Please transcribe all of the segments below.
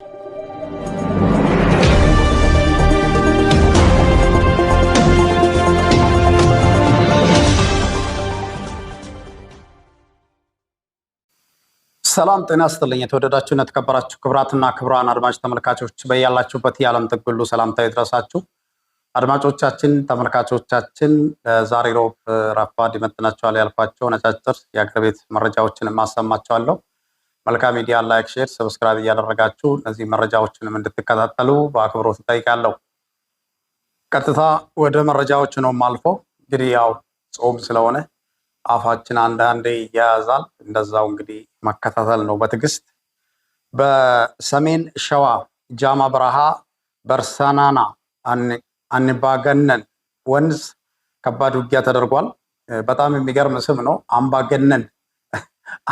ሰላም ጤና ይስጥልኝ። የተወደዳችሁና የተከበራችሁ ክብራትና ክብራን አድማጭ ተመልካቾች በያላችሁበት የዓለም ጥግ ሁሉ ሰላምታ ይድረሳችሁ። አድማጮቻችን፣ ተመልካቾቻችን ዛሬ ሮብ ረፋድ ይመጥናቸዋል ያልኳቸው ነጫጭር የአገር ቤት መረጃዎችን ማሰማቸዋለሁ። መልካም ሚዲያ ላይክ፣ ሼር፣ ሰብስክራይብ እያደረጋችሁ እነዚህ መረጃዎችንም እንድትከታተሉ በአክብሮት እጠይቃለሁ። ቀጥታ ወደ መረጃዎች ነው ማልፎ። እንግዲህ ያው ጾም ስለሆነ አፋችን አንዳንዴ ይያያዛል። እንደዛው እንግዲህ መከታተል ነው በትዕግስት። በሰሜን ሸዋ ጃማ በረሃ በርሰናና አንባገነን ወንዝ ከባድ ውጊያ ተደርጓል። በጣም የሚገርም ስም ነው። አምባገነን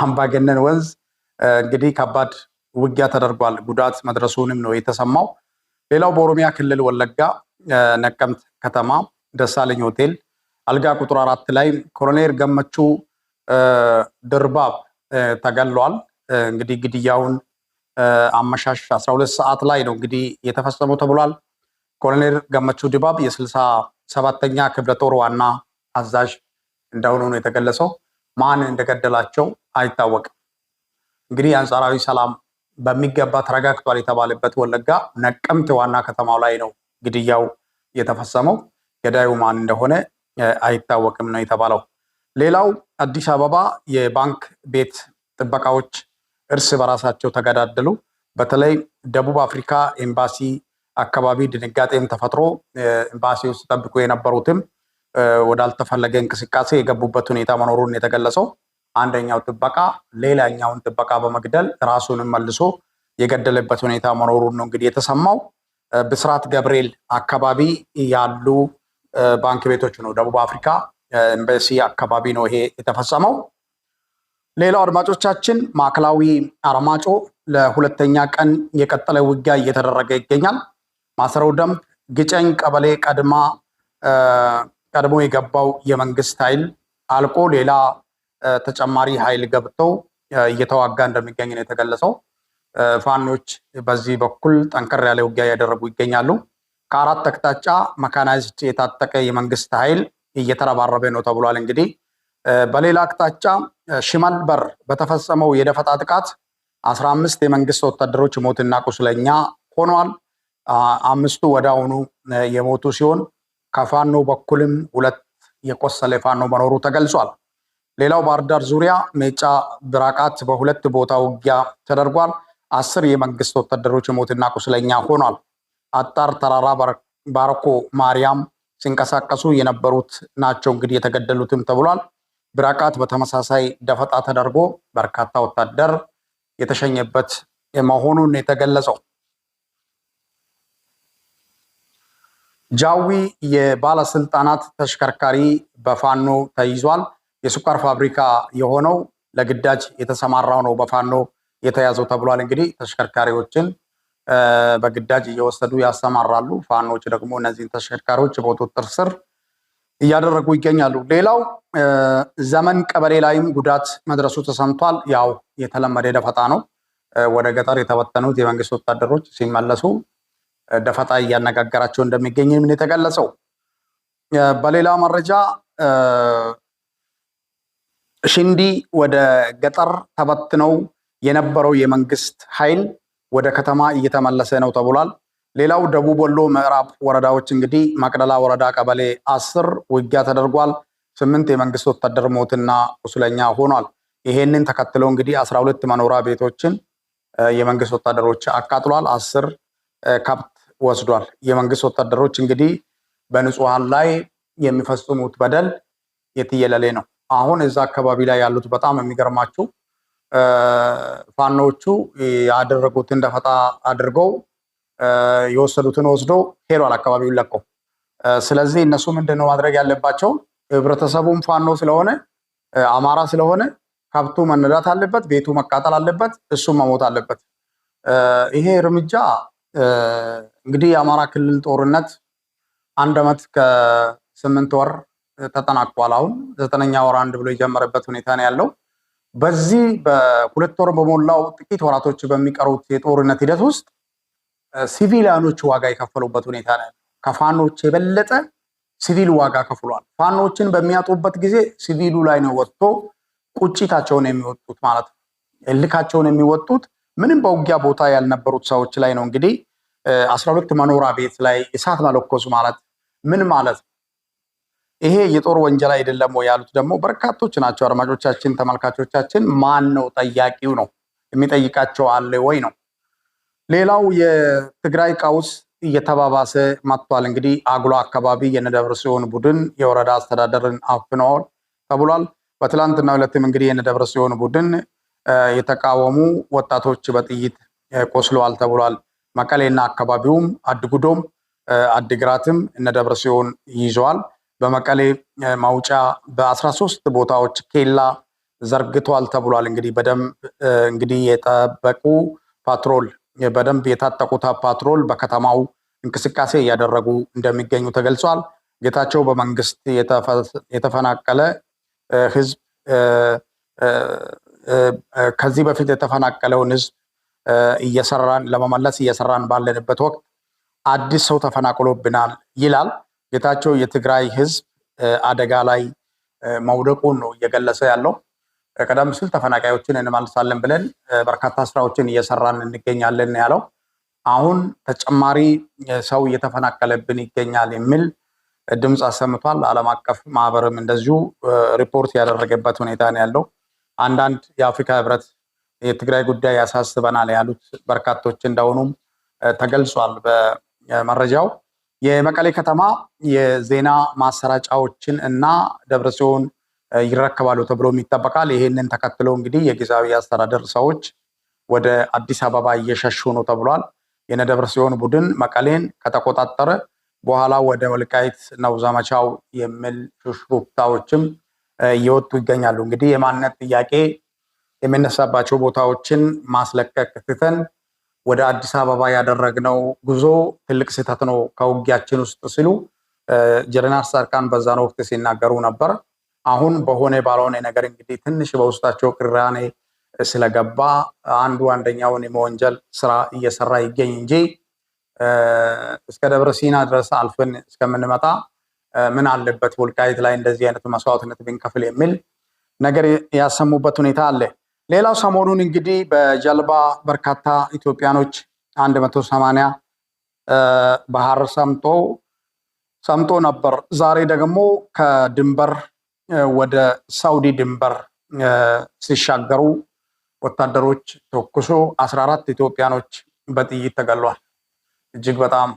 አምባገነን ወንዝ እንግዲህ ከባድ ውጊያ ተደርጓል። ጉዳት መድረሱንም ነው የተሰማው። ሌላው በኦሮሚያ ክልል ወለጋ ነቀምት ከተማ ደሳለኝ ሆቴል አልጋ ቁጥር አራት ላይ ኮሎኔል ገመቹ ድርባብ ተገሏል። እንግዲህ ግድያውን አመሻሽ 12 ሰዓት ላይ ነው እንግዲህ የተፈጸመው ተብሏል። ኮሎኔል ገመቹ ድባብ የስልሳ ሰባተኛ ክፍለ ጦር ዋና አዛዥ እንደሆኑ ነው የተገለጸው። ማን እንደገደላቸው አይታወቅም። እንግዲህ የአንጻራዊ ሰላም በሚገባ ተረጋግቷል የተባለበት ወለጋ ነቀምት ዋና ከተማው ላይ ነው ግድያው የተፈጸመው። ገዳዩ ማን እንደሆነ አይታወቅም ነው የተባለው። ሌላው አዲስ አበባ የባንክ ቤት ጥበቃዎች እርስ በራሳቸው ተገዳደሉ። በተለይ ደቡብ አፍሪካ ኤምባሲ አካባቢ ድንጋጤም ተፈጥሮ ኤምባሲ ውስጥ ጠብቁ የነበሩትም ወዳልተፈለገ እንቅስቃሴ የገቡበት ሁኔታ መኖሩን የተገለጸው አንደኛው ጥበቃ ሌላኛውን ጥበቃ በመግደል ራሱንም መልሶ የገደለበት ሁኔታ መኖሩን ነው እንግዲህ የተሰማው። ብስራት ገብርኤል አካባቢ ያሉ ባንክ ቤቶች ነው፣ ደቡብ አፍሪካ ኤምባሲ አካባቢ ነው ይሄ የተፈጸመው። ሌላው አድማጮቻችን፣ ማዕከላዊ አርማጮ ለሁለተኛ ቀን የቀጠለ ውጊያ እየተደረገ ይገኛል። ማሰረው ደንብ ግጨኝ ቀበሌ ቀድማ ቀድሞ የገባው የመንግስት ኃይል አልቆ ሌላ ተጨማሪ ኃይል ገብተው እየተዋጋ እንደሚገኝ ነው የተገለጸው። ፋኖች በዚህ በኩል ጠንከር ያለ ውጊያ እያደረጉ ይገኛሉ። ከአራት አቅጣጫ መካናይዝድ የታጠቀ የመንግስት ኃይል እየተረባረበ ነው ተብሏል። እንግዲህ በሌላ አቅጣጫ በር በተፈጸመው የደፈጣ ጥቃት አስራ አምስት የመንግስት ወታደሮች ሞትና ቁስለኛ ሆኗል። አምስቱ ወዳውኑ የሞቱ ሲሆን ከፋኖ በኩልም ሁለት የቆሰለ ፋኖ መኖሩ ተገልጿል። ሌላው ባህር ዳር ዙሪያ ሜጫ ብራቃት በሁለት ቦታ ውጊያ ተደርጓል። አስር የመንግስት ወታደሮች የሞትና ቁስለኛ ሆኗል። አጣር ተራራ ባርኮ ማርያም ሲንቀሳቀሱ የነበሩት ናቸው እንግዲህ የተገደሉትም ተብሏል። ብራቃት በተመሳሳይ ደፈጣ ተደርጎ በርካታ ወታደር የተሸኘበት መሆኑን የተገለጸው ጃዊ የባለስልጣናት ተሽከርካሪ በፋኖ ተይዟል። የስኳር ፋብሪካ የሆነው ለግዳጅ የተሰማራው ነው በፋኖ የተያዘው ተብሏል። እንግዲህ ተሽከርካሪዎችን በግዳጅ እየወሰዱ ያሰማራሉ። ፋኖች ደግሞ እነዚህን ተሽከርካሪዎች በቁጥጥር ስር እያደረጉ ይገኛሉ። ሌላው ዘመን ቀበሌ ላይም ጉዳት መድረሱ ተሰምቷል። ያው የተለመደ ደፈጣ ነው። ወደ ገጠር የተበተኑት የመንግስት ወታደሮች ሲመለሱ ደፈጣ እያነጋገራቸው እንደሚገኝ የተገለጸው። በሌላ መረጃ ሽንዲ ወደ ገጠር ተበትነው የነበረው የመንግስት ኃይል ወደ ከተማ እየተመለሰ ነው ተብሏል። ሌላው ደቡብ ወሎ ምዕራብ ወረዳዎች እንግዲህ መቅደላ ወረዳ ቀበሌ አስር ውጊያ ተደርጓል። ስምንት የመንግስት ወታደር ሞትና ቁስለኛ ሆኗል። ይሄንን ተከትሎ እንግዲህ አስራ ሁለት መኖሪያ ቤቶችን የመንግስት ወታደሮች አቃጥሏል። አስር ከብት ወስዷል። የመንግስት ወታደሮች እንግዲህ በንጹሐን ላይ የሚፈጽሙት በደል የትየለሌ ነው። አሁን እዛ አካባቢ ላይ ያሉት በጣም የሚገርማችሁ ፋኖቹ ያደረጉትን ደፈጣ አድርገው የወሰዱትን ወስዶ ሄዷል አካባቢውን ለቀው። ስለዚህ እነሱ ምንድን ነው ማድረግ ያለባቸው? ህብረተሰቡም ፋኖ ስለሆነ አማራ ስለሆነ ከብቱ መነዳት አለበት፣ ቤቱ መቃጠል አለበት፣ እሱም መሞት አለበት። ይሄ እርምጃ እንግዲህ የአማራ ክልል ጦርነት አንድ ዓመት ከስምንት ወር ተጠናቋል። አሁን ዘጠነኛ ወር አንድ ብሎ የጀመረበት ሁኔታ ነው ያለው። በዚህ በሁለት ወር በሞላው ጥቂት ወራቶች በሚቀሩት የጦርነት ሂደት ውስጥ ሲቪሊያኖች ዋጋ የከፈሉበት ሁኔታ ነው። ከፋኖች የበለጠ ሲቪል ዋጋ ከፍሏል። ፋኖችን በሚያጡበት ጊዜ ሲቪሉ ላይ ነው ወጥቶ ቁጭታቸውን የሚወጡት ማለት ነው። እልካቸውን የሚወጡት ምንም በውጊያ ቦታ ያልነበሩት ሰዎች ላይ ነው። እንግዲህ አስራ ሁለት መኖሪያ ቤት ላይ እሳት መለኮሱ ማለት ምን ማለት ነው? ይሄ የጦር ወንጀል አይደለም ያሉት ደግሞ በርካቶች ናቸው። አድማጮቻችን፣ ተመልካቾቻችን ማን ነው ጠያቂው? ነው የሚጠይቃቸው አለ ወይ ነው። ሌላው የትግራይ ቀውስ እየተባባሰ መጥቷል። እንግዲህ አጉሎ አካባቢ የነደብረ ጽዮን ቡድን የወረዳ አስተዳደርን አፍነዋል ተብሏል። በትላንትና ዕለትም እንግዲህ የነደብረ ጽዮን ቡድን የተቃወሙ ወጣቶች በጥይት ቆስለዋል ተብሏል። መቀሌና አካባቢውም አድጉዶም አድግራትም እነደብረ ጽዮን ይዘዋል። በመቀሌ ማውጫ በ13 ቦታዎች ኬላ ዘርግቷል ተብሏል። እንግዲህ በደንብ እንግዲህ የጠበቁ ፓትሮል በደንብ የታጠቁት ፓትሮል በከተማው እንቅስቃሴ እያደረጉ እንደሚገኙ ተገልጿል። ጌታቸው በመንግስት የተፈናቀለ ህዝብ ከዚህ በፊት የተፈናቀለውን ህዝብ እየሰራን ለመመለስ እየሰራን ባለንበት ወቅት አዲስ ሰው ተፈናቅሎብናል ይላል። ጌታቸው የትግራይ ህዝብ አደጋ ላይ መውደቁን ነው እየገለጸ ያለው። ቀደም ሲል ተፈናቃዮችን እንመልሳለን ብለን በርካታ ስራዎችን እየሰራን እንገኛለን ያለው አሁን ተጨማሪ ሰው እየተፈናቀለብን ይገኛል የሚል ድምፅ አሰምቷል። ዓለም አቀፍ ማህበርም እንደዚሁ ሪፖርት ያደረገበት ሁኔታ ነው ያለው። አንዳንድ የአፍሪካ ህብረት የትግራይ ጉዳይ ያሳስበናል ያሉት በርካቶች እንደሆኑም ተገልጿል በመረጃው። የመቀሌ ከተማ የዜና ማሰራጫዎችን እና ደብረጽዮን ይረከባሉ ተብሎም ይጠበቃል። ይህንን ተከትሎ እንግዲህ የጊዜያዊ አስተዳደር ሰዎች ወደ አዲስ አበባ እየሸሹ ነው ተብሏል። የነ ደብረጽዮን ቡድን መቀሌን ከተቆጣጠረ በኋላ ወደ ወልቃይት ነው ዘመቻው የሚል ሹክሹክታዎችም እየወጡ ይገኛሉ። እንግዲህ የማንነት ጥያቄ የሚነሳባቸው ቦታዎችን ማስለቀቅ ትተን ወደ አዲስ አበባ ያደረግነው ጉዞ ትልቅ ስህተት ነው ከውጊያችን ውስጥ ሲሉ ጀነራል ሳርካን በዛን ወቅት ሲናገሩ ነበር። አሁን በሆነ ባልሆነ ነገር እንግዲህ ትንሽ በውስጣቸው ቅራኔ ስለገባ አንዱ አንደኛውን የመወንጀል ስራ እየሰራ ይገኝ እንጂ እስከ ደብረ ሲና ድረስ አልፍን እስከምንመጣ ምን አለበት ወልቃይት ላይ እንደዚህ አይነት መስዋዕትነት ብንከፍል የሚል ነገር ያሰሙበት ሁኔታ አለ። ሌላው ሰሞኑን እንግዲህ በጀልባ በርካታ ኢትዮጵያኖች 180 ባህር ሰምጦ ሰምጦ ነበር። ዛሬ ደግሞ ከድንበር ወደ ሳውዲ ድንበር ሲሻገሩ ወታደሮች ተኩሶ 14 ኢትዮጵያኖች በጥይት ተገሏል። እጅግ በጣም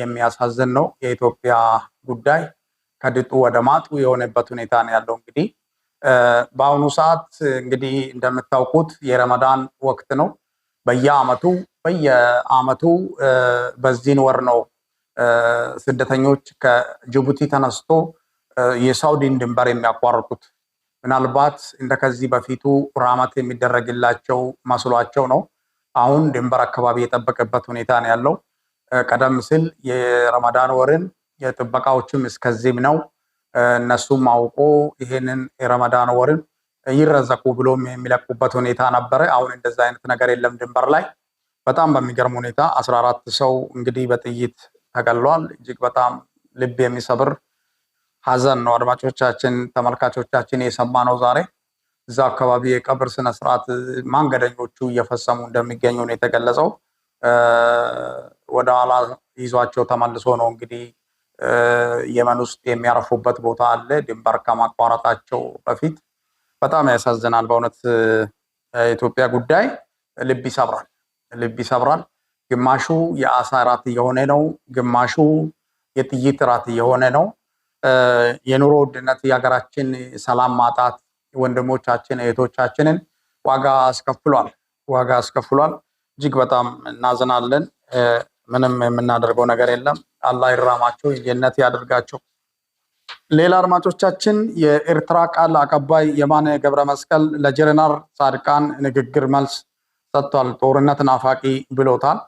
የሚያሳዝን ነው። የኢትዮጵያ ጉዳይ ከድጡ ወደ ማጡ የሆነበት ሁኔታ ነው ያለው እንግዲህ በአሁኑ ሰዓት እንግዲህ እንደምታውቁት የረመዳን ወቅት ነው። በየአመቱ በየአመቱ በዚህን ወር ነው ስደተኞች ከጅቡቲ ተነስቶ የሳውዲን ድንበር የሚያቋርጡት። ምናልባት እንደ ከዚህ በፊቱ ራመት የሚደረግላቸው መስሏቸው ነው። አሁን ድንበር አካባቢ የጠበቀበት ሁኔታ ነው ያለው። ቀደም ሲል የረመዳን ወርን የጥበቃዎችም እስከዚህም ነው እነሱም አውቆ ይሄንን የረመዳን ወርን ይረዘቁ ብሎም የሚለቁበት ሁኔታ ነበረ። አሁን እንደዛ አይነት ነገር የለም። ድንበር ላይ በጣም በሚገርም ሁኔታ አስራ አራት ሰው እንግዲህ በጥይት ተገሏል። እጅግ በጣም ልብ የሚሰብር ሀዘን ነው። አድማጮቻችን፣ ተመልካቾቻችን የሰማ ነው ዛሬ እዛ አካባቢ የቀብር ስነስርዓት ማንገደኞቹ እየፈሰሙ እንደሚገኙ ነው የተገለጸው። ወደ ኋላ ይዟቸው ተመልሶ ነው እንግዲህ የመን ውስጥ የሚያረፉበት ቦታ አለ፣ ድንበር ከማቋረጣቸው በፊት በጣም ያሳዝናል። በእውነት የኢትዮጵያ ጉዳይ ልብ ይሰብራል፣ ልብ ይሰብራል። ግማሹ የአሳ ራት እየሆነ ነው፣ ግማሹ የጥይት ራት እየሆነ ነው። የኑሮ ውድነት፣ የሀገራችን ሰላም ማጣት ወንድሞቻችን እህቶቻችንን ዋጋ አስከፍሏል፣ ዋጋ አስከፍሏል። እጅግ በጣም እናዝናለን። ምንም የምናደርገው ነገር የለም። አላህ ይራማቸው ጀነት ያደርጋችሁ። ሌላ አድማጮቻችን የኤርትራ ቃል አቀባይ የማነ ገብረ መስቀል ለጀነራል ጻድቃን ንግግር መልስ ሰጥቷል። ጦርነት ናፋቂ ብሎታል።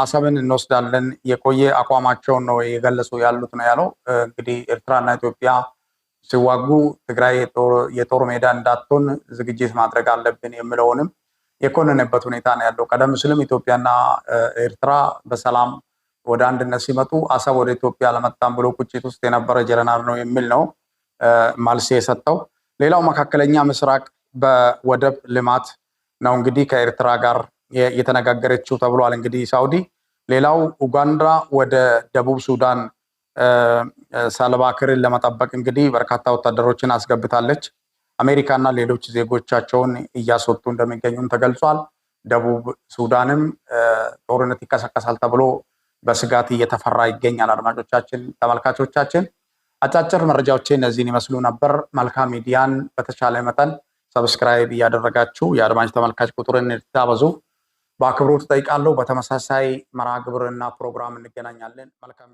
አሰብን እንወስዳለን የቆየ አቋማቸውን ነው የገለጹ ያሉት ነው ያለው። እንግዲህ ኤርትራና ኢትዮጵያ ሲዋጉ ትግራይ የጦር ሜዳ እንዳትሆን ዝግጅት ማድረግ አለብን የሚለውንም የኮነነበት ሁኔታ ነው ያለው። ቀደም ሲልም ኢትዮጵያና ኤርትራ በሰላም ወደ አንድነት ሲመጡ አሰብ ወደ ኢትዮጵያ ለመጣም ብሎ ቁጭት ውስጥ የነበረ ጀነራል ነው የሚል ነው ማልሴ የሰጠው። ሌላው መካከለኛ ምስራቅ በወደብ ልማት ነው እንግዲህ ከኤርትራ ጋር የተነጋገረችው ተብሏል። እንግዲህ ሳውዲ ሌላው ኡጋንዳ ወደ ደቡብ ሱዳን ክርን ለመጠበቅ እንግዲህ በርካታ ወታደሮችን አስገብታለች። አሜሪካና ሌሎች ዜጎቻቸውን እያስወጡ እንደሚገኙም ተገልጿል። ደቡብ ሱዳንም ጦርነት ይቀሰቀሳል ተብሎ በስጋት እየተፈራ ይገኛል። አድማጮቻችን፣ ተመልካቾቻችን አጫጭር መረጃዎች እነዚህን ይመስሉ ነበር። መልካም ሚዲያን በተቻለ መጠን ሰብስክራይብ እያደረጋችሁ የአድማጭ ተመልካች ቁጥርን እንድታበዙ በአክብሮት ትጠይቃለሁ በተመሳሳይ መርሃ ግብርና ፕሮግራም እንገናኛለን። መልካም